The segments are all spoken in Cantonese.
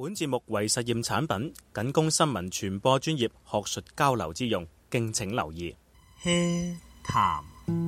本節目為實驗產品，僅供新聞傳播專業學術交流之用，敬請留意。HEA 談。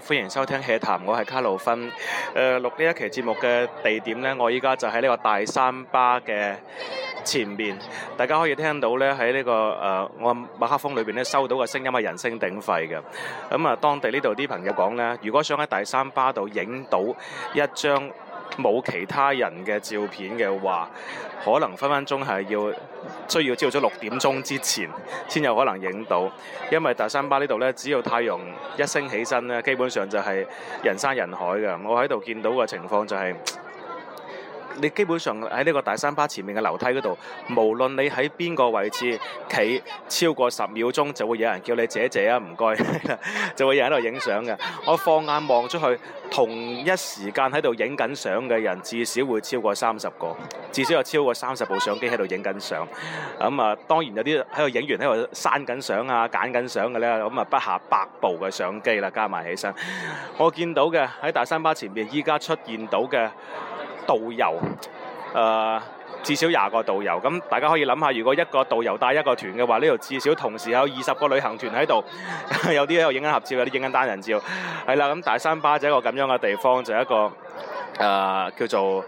歡迎收聽《HEA 談》，我係卡路芬。誒、呃，錄呢一期節目嘅地點咧，我依家就喺呢個大三巴嘅前面。大家可以聽到咧，喺呢、這個誒、呃，我麥克風裏邊咧收到嘅聲音係人聲鼎沸嘅。咁、嗯、啊，當地呢度啲朋友講咧，如果想喺大三巴度影到一張。冇其他人嘅照片嘅話，可能分分鐘係要需要朝早六點鐘之前先有可能影到，因為大三巴這裡呢度咧，只要太陽一升起身咧，基本上就係人山人海嘅。我喺度見到嘅情況就係、是。你基本上喺呢個大三巴前面嘅樓梯嗰度，無論你喺邊個位置企超過十秒鐘，就會有人叫你姐姐啊，唔該，就會有人喺度影相嘅。我放眼望出去，同一時間喺度影緊相嘅人至少會超過三十個，至少有超過三十部相機喺度影緊相。咁、嗯、啊，當然有啲喺度影完喺度刪緊相啊、揀緊相嘅咧，咁啊不下百部嘅相機啦，加埋起身，我見到嘅喺大三巴前面，依家出現到嘅。導遊，誒、呃、至少廿個導遊，咁大家可以諗下，如果一個導遊帶一個團嘅話，呢度至少同時有二十個旅行團喺度，有啲喺度影緊合照，有啲影緊單人照，係啦，咁大三巴就一個咁樣嘅地方，就係、一個誒、呃、叫做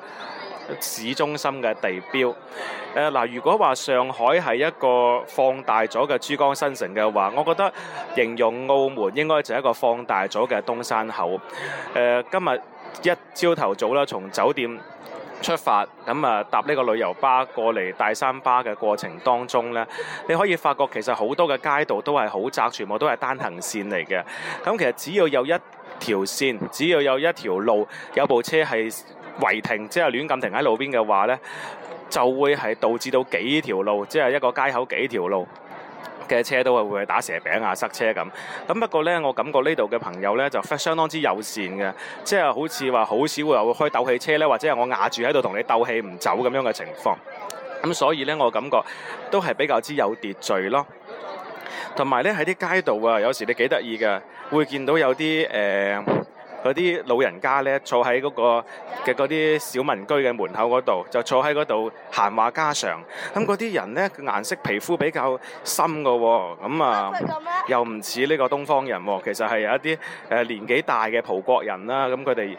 市中心嘅地標。誒、呃、嗱，如果話上海係一個放大咗嘅珠江新城嘅話，我覺得形容澳門應該就係一個放大咗嘅東山口。誒、呃、今日。一朝頭早啦，從酒店出發，咁啊搭呢個旅遊巴過嚟大三巴嘅過程當中呢，你可以發覺其實好多嘅街道都係好窄，全部都係單行線嚟嘅。咁其實只要有一條線，只要有一條路有部車係違停，即係亂咁停喺路邊嘅話呢就會係導致到幾條路，即係一個街口幾條路。嘅車都係會打蛇餅啊，塞車咁。咁不過呢，我感覺呢度嘅朋友呢就相當之友善嘅，即係好似話好少會有開鬥氣車呢，或者係我壓住喺度同你鬥氣唔走咁樣嘅情況。咁所以呢，我感覺都係比較之有秩序咯。同埋呢，喺啲街道啊，有時你幾得意嘅，會見到有啲誒，呃嗰啲老人家咧，坐喺嗰個嘅嗰啲小民居嘅門口度，就坐喺嗰度閒話家常。咁嗰啲人咧，顏色皮膚比較深嘅喎，咁啊又唔似呢個東方人，其實係有一啲誒年紀大嘅葡國人啦。咁佢哋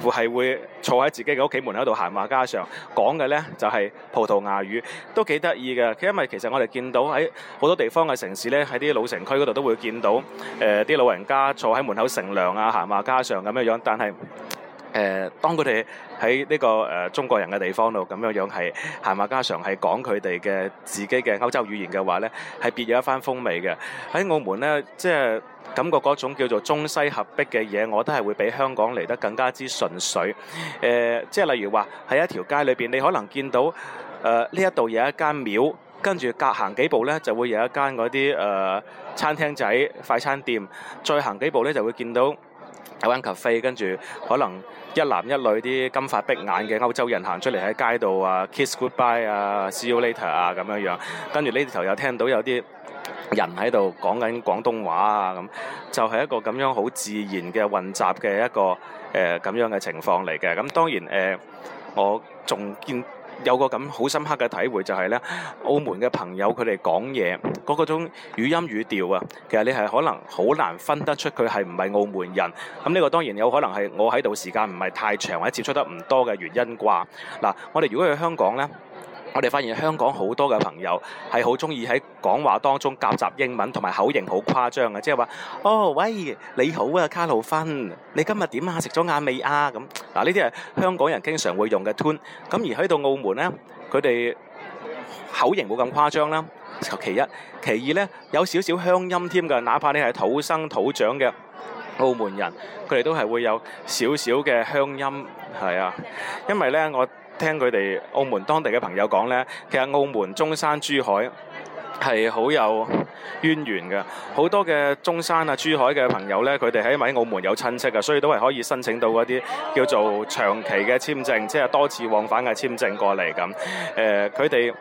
係會坐喺自己嘅屋企門口度閒話家常，講嘅咧就係葡萄牙語都幾得意嘅。因為其實我哋見到喺好多地方嘅城市咧，喺啲老城區度都會見到誒啲老人家坐喺門口乘涼啊，閒話家常。咁樣樣，但係誒、呃，當佢哋喺呢個誒、呃、中國人嘅地方度咁樣樣係閒話家常，係講佢哋嘅自己嘅歐洲語言嘅話呢，係別有一番風味嘅。喺澳門呢，即係感覺嗰種叫做中西合璧嘅嘢，我都係會比香港嚟得更加之純粹。誒、呃，即係例如話喺一條街裏邊，你可能見到誒呢一度有一間廟，跟住隔行幾步呢，就會有一間嗰啲誒餐廳仔快餐店，再行幾步呢，就會見到。喺間 cafe，跟住可能一男一女啲金髮碧眼嘅歐洲人行出嚟喺街度啊，kiss goodbye 啊，see you later 啊，咁樣樣。跟住呢頭又聽到有啲人喺度講緊廣東話啊，咁、嗯、就係、是、一個咁樣好自然嘅混雜嘅一個誒咁、呃、樣嘅情況嚟嘅。咁、嗯、當然誒、呃、我仲見。有個咁好深刻嘅體會，就係呢，澳門嘅朋友佢哋講嘢嗰個種語音語調啊，其實你係可能好難分得出佢係唔係澳門人。咁呢個當然有可能係我喺度時間唔係太長，或者接觸得唔多嘅原因啩。嗱，我哋如果去香港呢。我哋發現香港好多嘅朋友係好鍾意喺講話當中夾雜英文，同埋口型好誇張嘅，即係話：哦，喂，你好啊，卡路芬，你今日點啊？食咗晏未啊？咁嗱、啊，呢啲係香港人經常會用嘅 tune。咁而去到澳門呢，佢哋口型冇咁誇張啦。其一，其二呢，有少少鄉音添嘅。哪怕你係土生土長嘅澳門人，佢哋都係會有少少嘅鄉音。係啊，因為呢，我。聽佢哋澳門當地嘅朋友講呢，其實澳門、中山、珠海係好有淵源嘅，好多嘅中山啊、珠海嘅朋友呢，佢哋喺埋喺澳門有親戚嘅，所以都係可以申請到嗰啲叫做長期嘅簽證，即係多次往返嘅簽證過嚟咁。誒，佢哋。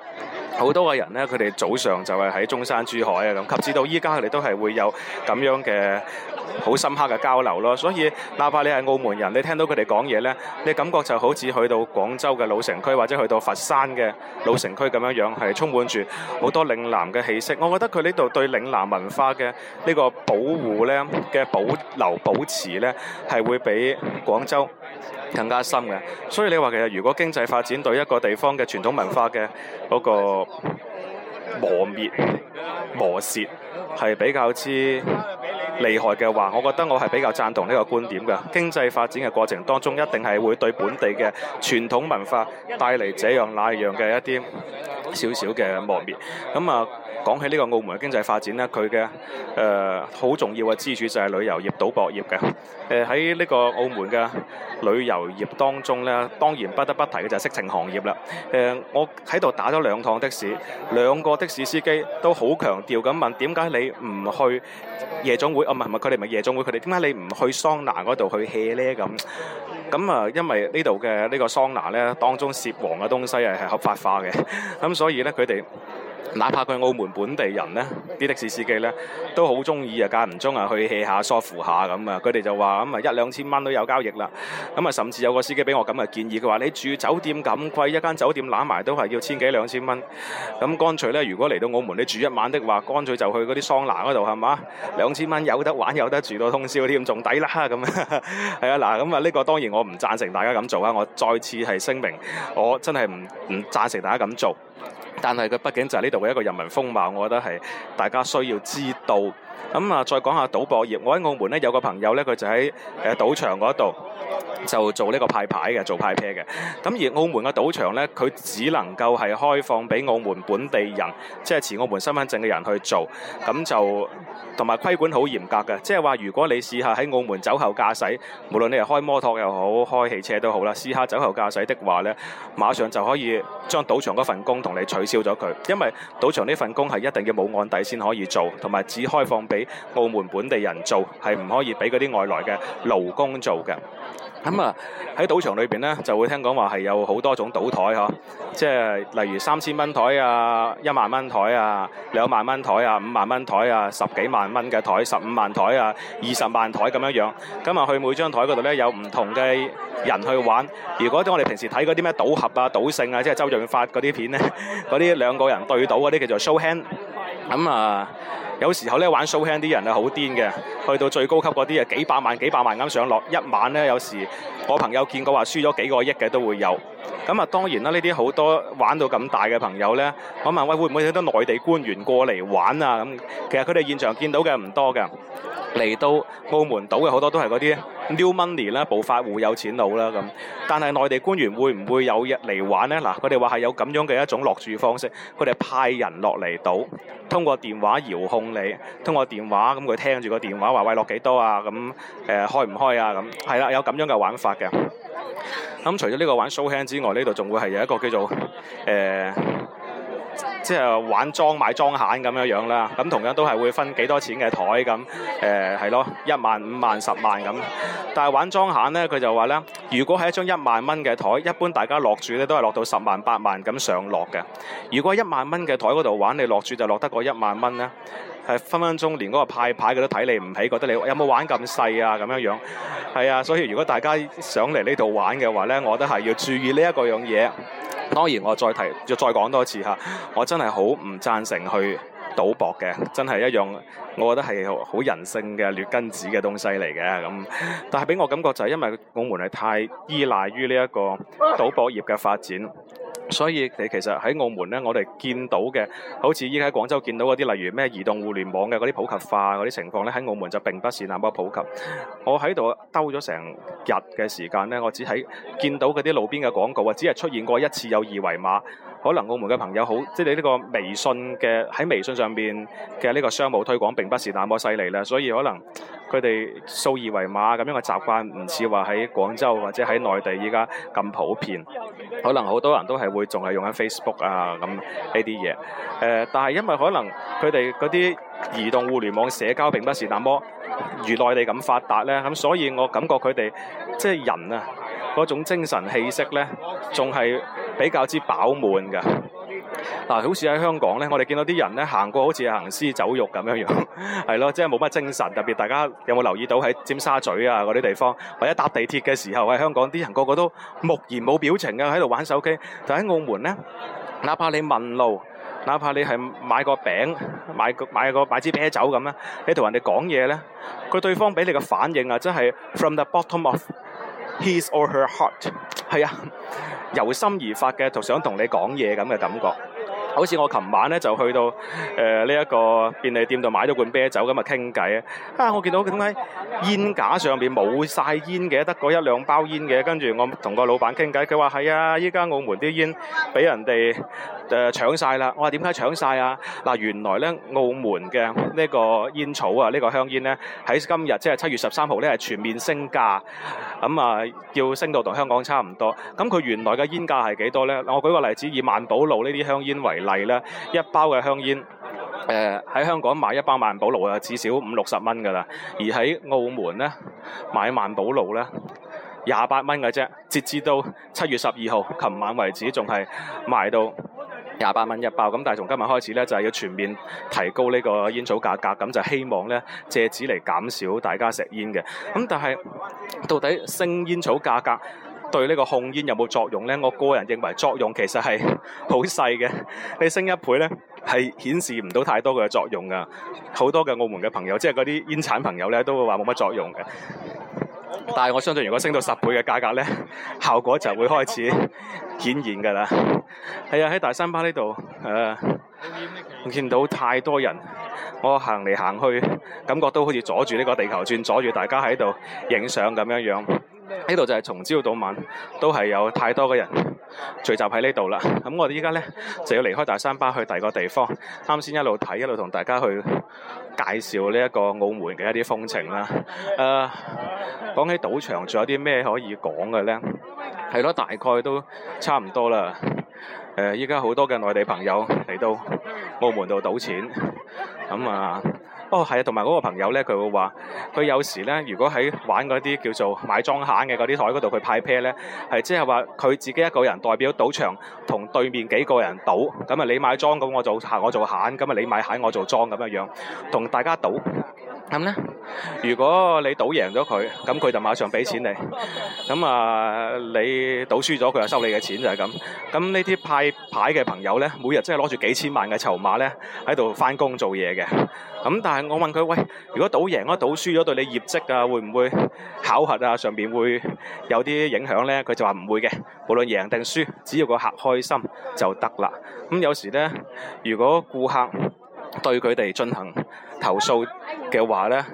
好多嘅人咧，佢哋早上就係喺中山、珠海啊咁，及至到依家佢哋都係會有咁樣嘅好深刻嘅交流咯。所以哪怕你係澳門人，你聽到佢哋講嘢咧，你感覺就好似去到廣州嘅老城區或者去到佛山嘅老城區咁樣樣，係充滿住好多嶺南嘅氣息。我覺得佢呢度對嶺南文化嘅呢個保護咧嘅保留、保持咧，係會比廣州更加深嘅。所以你話，其實如果經濟發展對一個地方嘅傳統文化嘅嗰、那個。磨滅、磨蝕係比較之厲害嘅話，我覺得我係比較贊同呢個觀點嘅。經濟發展嘅過程當中，一定係會對本地嘅傳統文化帶嚟這樣那樣嘅一啲少少嘅磨滅。咁啊。講起呢個澳門嘅經濟發展呢，佢嘅誒好重要嘅支柱就係旅遊業、賭博業嘅。誒喺呢個澳門嘅旅遊業當中呢，當然不得不提嘅就係色情行業啦。誒、呃，我喺度打咗兩趟的士，兩個的士司機都好強調咁問：點解你唔去夜總會？啊，唔係唔係，佢哋唔係夜總會，佢哋點解你唔去桑拿嗰度去 hea 咧？咁咁啊，因為呢度嘅呢個桑拿呢，當中涉黃嘅東西係合法化嘅，咁所以呢佢哋。哪怕佢澳門本地人呢，啲的士司機呢都好中意啊，間唔中啊去 hea 下、梳乎下咁啊。佢哋就話咁啊，一兩千蚊都有交易啦。咁啊，甚至有個司機俾我咁嘅建議，佢話：你住酒店咁貴，一間酒店攬埋都係要千幾兩千蚊。咁乾脆呢，如果嚟到澳門你住一晚的話，乾脆就去嗰啲桑拿嗰度，係嘛？兩千蚊有得玩有得住到通宵添。啲，咁仲抵啦。咁啊，係啊，嗱，咁啊，呢個當然我唔贊成大家咁做啊。我再次係聲明，我真係唔唔贊成大家咁做。但係佢畢竟就係呢度嘅一個人民風貌，我覺得係大家需要知道。咁啊，再講下賭博業，我喺澳門咧有個朋友咧，佢就喺誒賭場嗰度。就做呢個派牌嘅，做派牌嘅。咁而澳門嘅賭場咧，佢只能夠係開放俾澳門本地人，即係持澳門身份證嘅人去做。咁就同埋規管好嚴格嘅，即係話如果你試下喺澳門酒後駕駛，無論你係開摩托又好，開汽車都好啦，試下酒後駕駛的話咧，馬上就可以將賭場嗰份工同你取消咗佢，因為賭場呢份工係一定要冇案底先可以做，同埋只開放俾澳門本地人做，係唔可以俾嗰啲外來嘅勞工做嘅。咁、嗯、啊，喺賭場裏面呢，就會聽講話係有好多種賭台、啊、即係例如三千蚊台啊、一萬蚊台啊、兩萬蚊台啊、五萬蚊台啊、十幾萬蚊嘅台、十五萬台啊、二十萬台咁樣樣。咁啊，去每張台嗰度呢，有唔同嘅人去玩。如果我哋平時睇嗰啲咩賭俠啊、賭聖啊，即係周潤發嗰啲片呢，嗰啲兩個人對賭嗰啲叫做 show hand。咁、嗯、啊，有時候咧玩 show hand 啲人係好癲嘅，去到最高級嗰啲啊幾百萬幾百萬咁上落一晚咧，有時我朋友見過話輸咗幾個億嘅都會有。咁、嗯、啊當然啦，呢啲好多玩到咁大嘅朋友咧，我問，喂，會唔會有得內地官員過嚟玩啊？咁、嗯、其實佢哋現場見到嘅唔多㗎。嚟到澳門島嘅好多都係嗰啲 new money 啦，暴發戶有錢佬啦咁。但係內地官員會唔會有日嚟玩呢？嗱，佢哋話係有咁樣嘅一種落注方式，佢哋派人落嚟賭，通過電話遙控你，通過電話咁佢聽住個電話話喂落幾多啊咁，誒、呃、開唔開啊咁，係啦，有咁樣嘅玩法嘅。咁除咗呢個玩 show hand 之外，呢度仲會係有一個叫做誒，呃即係玩莊買莊閒咁樣樣啦，咁同樣都係會分幾多錢嘅台咁，係、呃、咯，一萬五萬十萬咁。但係玩莊閒呢，佢就話呢：「如果係一張一萬蚊嘅台，一般大家落注呢都係落到十萬八萬咁上落嘅。如果一萬蚊嘅台嗰度玩，你落注就落得個一萬蚊呢係分分鐘連嗰個派牌佢都睇你唔起，覺得你有冇玩咁細啊咁樣樣。係啊，所以如果大家想嚟呢度玩嘅話呢，我都係要注意呢一個樣嘢。當然，我再提，要再講多一次嚇，我真係好唔贊成去賭博嘅，真係一樣，我覺得係好人性嘅劣根子嘅東西嚟嘅咁。但係俾我感覺就係因為我們係太依賴於呢一個賭博業嘅發展。所以你其實喺澳門咧，我哋見到嘅，好似依家喺廣州見到嗰啲，例如咩移動互聯網嘅嗰啲普及化嗰啲情況咧，喺澳門就並不是那麼普及。我喺度兜咗成日嘅時間咧，我只喺見到嗰啲路邊嘅廣告啊，只係出現過一次有二維碼。可能澳門嘅朋友好，即係你呢個微信嘅喺微信上邊嘅呢個商務推廣並不是那麼犀利啦，所以可能。佢哋掃二維碼咁樣嘅習慣，唔似話喺廣州或者喺內地依家咁普遍。可能好多人都係會仲係用緊 Facebook 啊咁呢啲嘢。誒、呃，但係因為可能佢哋嗰啲移動互聯網社交並不是那麼如內地咁發達呢，咁所以我感覺佢哋即係人啊嗰種精神氣息呢，仲係比較之飽滿㗎。嗱，好似喺香港咧，我哋見到啲人咧行過好似行屍走肉咁樣樣，係 咯，即係冇乜精神。特別大家有冇留意到喺尖沙咀啊嗰啲地方，或者搭地鐵嘅時候喺香港啲人個個都木然冇表情嘅喺度玩手機。但喺澳門咧，哪怕你問路，哪怕你係買個餅、買個買個買支啤酒咁咧，你同人哋講嘢咧，佢對方俾你嘅反應啊，真係 from the bottom of his or her heart，係啊，由心而發嘅，就想同你講嘢咁嘅感覺。好似我琴晚咧就去到誒呢一個便利店度買咗罐啤酒，咁啊傾偈啊。啊，我見到點解煙架上邊冇晒煙嘅，得個一兩包煙嘅。跟住我同個老板傾偈，佢話係啊，依家澳門啲煙俾人哋誒、呃、搶晒啦。我話點解搶晒啊？嗱，原來咧澳門嘅呢個煙草啊，呢、這個香煙咧，喺今日即係七月十三號咧，係全面升價，咁、嗯、啊要升到同香港差唔多。咁佢原來嘅煙價係幾多咧？我舉個例子，以萬寶路呢啲香煙為。例啦，一包嘅香煙，誒、呃、喺香港買一包萬寶路啊，至少五六十蚊噶啦，而喺澳門咧買萬寶路咧，廿八蚊嘅啫。截至到七月十二號，琴晚為止仲係賣到廿八蚊一包，咁但係從今日開始咧，就係、是、要全面提高呢個煙草價格，咁就希望咧借此嚟減少大家食煙嘅。咁但係到底升煙草價格，對呢個控煙有冇作用呢？我個人認為作用其實係好細嘅。你升一倍呢，係顯示唔到太多嘅作用噶。好多嘅澳門嘅朋友，即係嗰啲煙產朋友呢，都會話冇乜作用嘅。但係我相信，如果升到十倍嘅價格呢，效果就會開始顯現㗎啦。係啊，喺大三巴呢度，誒、呃，我見到太多人，我行嚟行去，感覺都好似阻住呢個地球轉，轉阻住大家喺度影相咁樣樣。呢度就係從朝到晚都係有太多嘅人聚集喺呢度啦。咁我哋依家呢，就要離開大三巴去第二個地方。啱先一路睇一路同大家去介紹呢一個澳門嘅一啲風情啦。誒、啊，講起賭場仲有啲咩可以講嘅呢？係咯，大概都差唔多啦。誒、啊，依家好多嘅內地朋友嚟到澳門度賭錢，咁啊～哦，係啊，同埋嗰個朋友咧，佢會話佢有時咧，如果喺玩嗰啲叫做買莊閑嘅嗰啲台嗰度去派牌咧，係即係話佢自己一個人代表賭場，同對面幾個人賭。咁啊，你買莊咁，我做客，我做閑。咁啊，你買閑，我做莊咁樣樣，同大家賭。咁咧，如果你賭贏咗佢，咁佢就馬上俾錢你。咁啊，你賭輸咗，佢就收你嘅錢就係咁。咁呢啲派牌嘅朋友咧，每日真係攞住幾千萬嘅籌碼咧，喺度翻工做嘢嘅。咁但係我問佢：喂，如果賭贏咗、賭輸咗，對你業績啊，會唔會考核啊？上邊會有啲影響咧？佢就話唔會嘅。無論贏定輸，只要個客開心就得啦。咁有時咧，如果顧客，對佢哋進行投訴嘅話呢，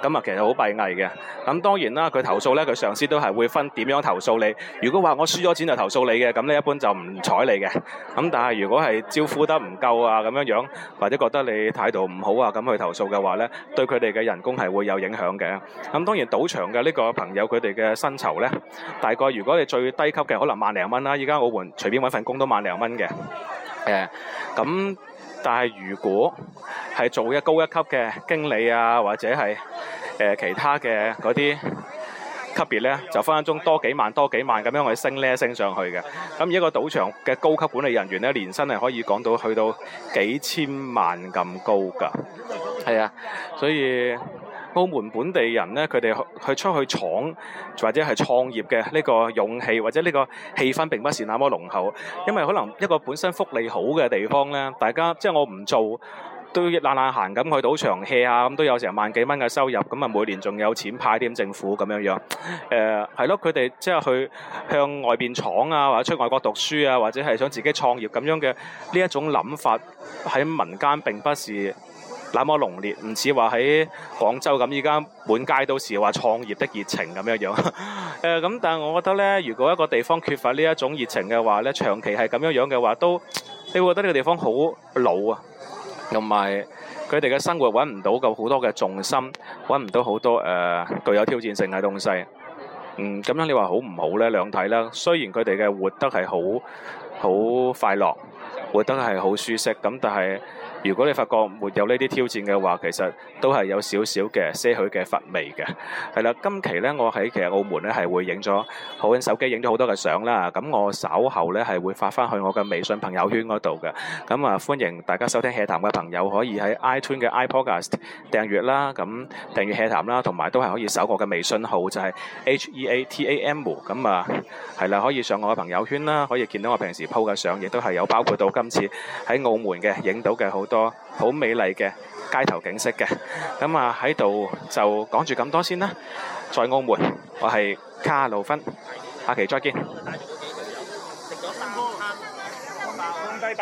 咁啊，其實好閉翳嘅。咁當然啦，佢投訴呢，佢上司都係會分點樣投訴你。如果話我輸咗錢就投訴你嘅，咁你一般就唔睬你嘅。咁但係如果係招呼得唔夠啊咁樣樣，或者覺得你態度唔好啊咁去投訴嘅話呢，對佢哋嘅人工係會有影響嘅。咁當然賭場嘅呢個朋友佢哋嘅薪酬呢，大概如果你最低級嘅可能萬零蚊啦。依家我換隨便揾份工都萬零蚊嘅。誒咁，但係如果係做一高一級嘅經理啊，或者係、呃、其他嘅嗰啲級別呢，就分分鐘多幾萬、多幾萬咁樣去升呢升上去嘅。咁一、這個賭場嘅高級管理人員呢，年薪係可以講到去到幾千萬咁高㗎，係啊，所以。澳門本地人呢，佢哋去出去闖或者係創業嘅呢個勇氣或者呢個氣氛並不是那麼濃厚，因為可能一個本身福利好嘅地方呢，大家即係我唔做都懶懶閒，咁去賭場 hea 呀，啊，咁都有成萬幾蚊嘅收入，咁啊每年仲有錢派啲政府咁樣樣，呃，係咯，佢哋即係去向外邊闖啊，或者出外國讀書啊，或者係想自己創業咁樣嘅呢一種諗法喺民間並不是那麼濃烈，唔似話喺廣州咁，依家滿街都是話創業的熱情咁樣樣。誒 咁、呃，但係我覺得呢，如果一個地方缺乏這熱呢一種熱情嘅話呢，長期係咁樣樣嘅話，都你會覺得呢個地方好老啊，同埋佢哋嘅生活揾唔到咁好多嘅重心，揾唔到好多誒具、呃、有挑戰性嘅東西。嗯，咁樣你話好唔好呢？兩睇啦。雖然佢哋嘅活得係好好快樂，活得係好舒適，咁但係。如果你發覺沒有呢啲挑戰嘅話，其實都係有少少嘅、些許嘅乏味嘅。係啦，今期咧，我喺其實澳門咧係會影咗好喺手機影咗好多嘅相啦。咁我稍後咧係會發翻去我嘅微信朋友圈嗰度嘅。咁啊，歡迎大家收聽 HEA 談嘅朋友可以喺 iTunes 嘅 iPodcast 訂閱啦，咁訂閱 HEA 談啦，同埋都係可以搜我嘅微信號就係 heatam。咁啊，係啦，可以上我嘅朋友圈啦，可以見到我平時 po 嘅相，亦都係有包括到今次喺澳門嘅影到嘅好個好美麗嘅街頭景色嘅，咁啊喺度就講住咁多先啦。在澳門，我係卡路芬，下期再見。